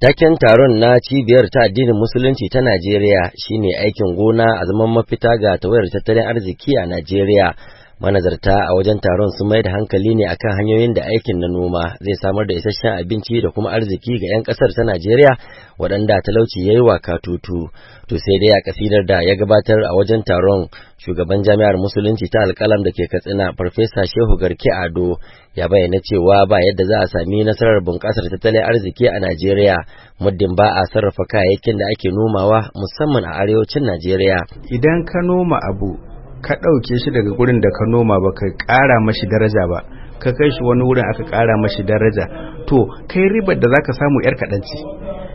Taken taron na cibiyar ta addinin Musulunci ta Najeriya shine aikin gona a zaman mafita ga tawayar tattalin arziki a Najeriya manazarta a wajen taron sun mai da hankali ne akan hanyoyin da aikin na noma zai samar da isasshen abinci da kuma arziki ga 'yan kasar ta najeriya waɗanda talauci ya yi wa katutu to sai dai a kasidar da ya gabatar a wajen taron shugaban jami'ar musulunci ta alkalam da ke katsina farfesa shehu garki ado ya bayyana cewa ba yadda za a sami nasarar bunƙasar tattalin arziki a najeriya muddin ba a sarrafa kayayyakin da ake nomawa musamman a arewacin najeriya idan ka noma abu ka ɗauke shi daga gurin da ka noma ba ka ƙara mashi daraja ba ka kai shi wani wurin aka ƙara mashi daraja to kai ribar da za ka samu 'yar kaɗan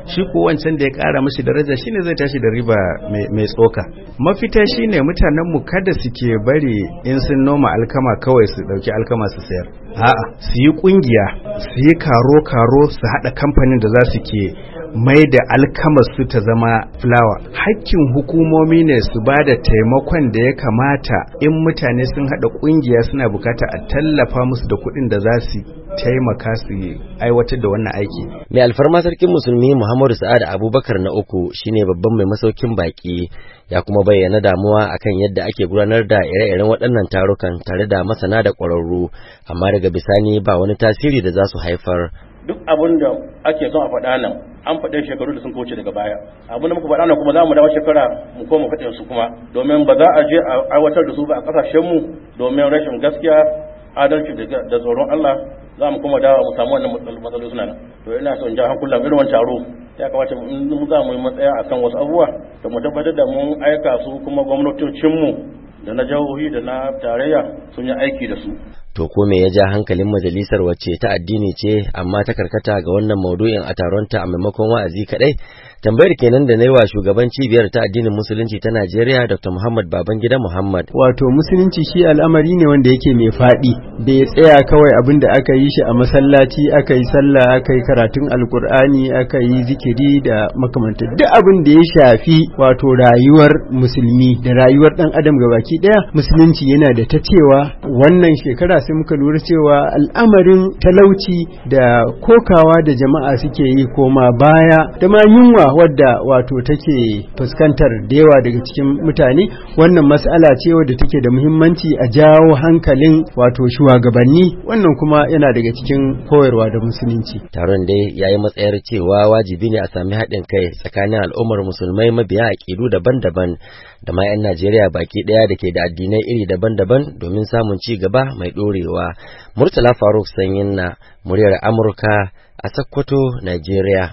shi ko wancan da ya ƙara mashi daraja shine zai tashi da riba mai tsoka mafita shine mu kada suke bari in sun noma alkama kawai su ɗauki alkama su sayar a'a su yi ƙungiya su yi karo-karo su haɗa kamfanin da za su ke mai da alkamarsu ta zama fulawa hakkin hukumomi ne su ba da taimakon da ya kamata in mutane sun haɗa ƙungiya suna bukata a tallafa musu da kuɗin da za su taimaka su yi aiwatar da wannan aiki. Mai alfarma sarkin musulmi Muhammadu da Abubakar na uku shine babban mai masaukin baki ya kuma bayyana damuwa akan yadda ake gudanar da ire-iren waɗannan tarukan tare da masana da ƙwararru amma daga bisani ba wani tasiri da za su haifar. duk abin da ake son a faɗa nan an faɗe shekaru da sun wuce daga baya abin da muka faɗa nan kuma za mu dawo shekara mu koma faɗin su kuma domin ba za a je a aiwatar da su ba a ƙasashen mu domin rashin gaskiya adalci da tsoron Allah za mu kuma dawo mu samu wannan matsalolin suna nan to ina so in ja hankulan irin wancan taro ya kamata in za mu yi matsaya kan wasu abubuwa to mu tabbatar da mun aika su kuma gwamnatocinmu da na jihohi da na tarayya sun yi aiki da su To ko me ya ja hankalin majalisar wacce ta addini ce amma ta karkata ga wannan maudu'in a taronta a maimakon wa'azi kaɗai Tambayar kenan da na yi wa shugaban cibiyar ta addinin musulunci ta Najeriya Dr. Muhammad Babangida Muhammad. Wato musulunci shi al'amari ne wanda yake mai faɗi bai tsaya kawai abin da aka yi shi a masallaci aka yi sallah aka yi karatun alkur'ani aka yi zikiri da makamanta duk abin da ya shafi wato rayuwar musulmi da rayuwar ɗan adam gabaki ɗaya. musulunci yana da ta cewa wannan shekara sai muka lura cewa al'amarin talauci da kokawa da jama'a suke yi koma baya da ma yunwa wadda wato take fuskantar da yawa daga cikin mutane wannan matsala ce wadda take da muhimmanci a jawo hankalin wato shugabanni wannan kuma yana daga cikin koyarwa da musulunci taron dai yayi matsayar cewa wajibi ne a sami haɗin kai tsakanin al'ummar musulmai mabiya aƙidu daban-daban da ma 'yan Najeriya baki ɗaya da ke da addinai iri daban-daban domin samun ci gaba mai ɗorewa ɗorewa. Murtala Faruk Sanyin na muryar Amurka a Sokoto, Najeriya.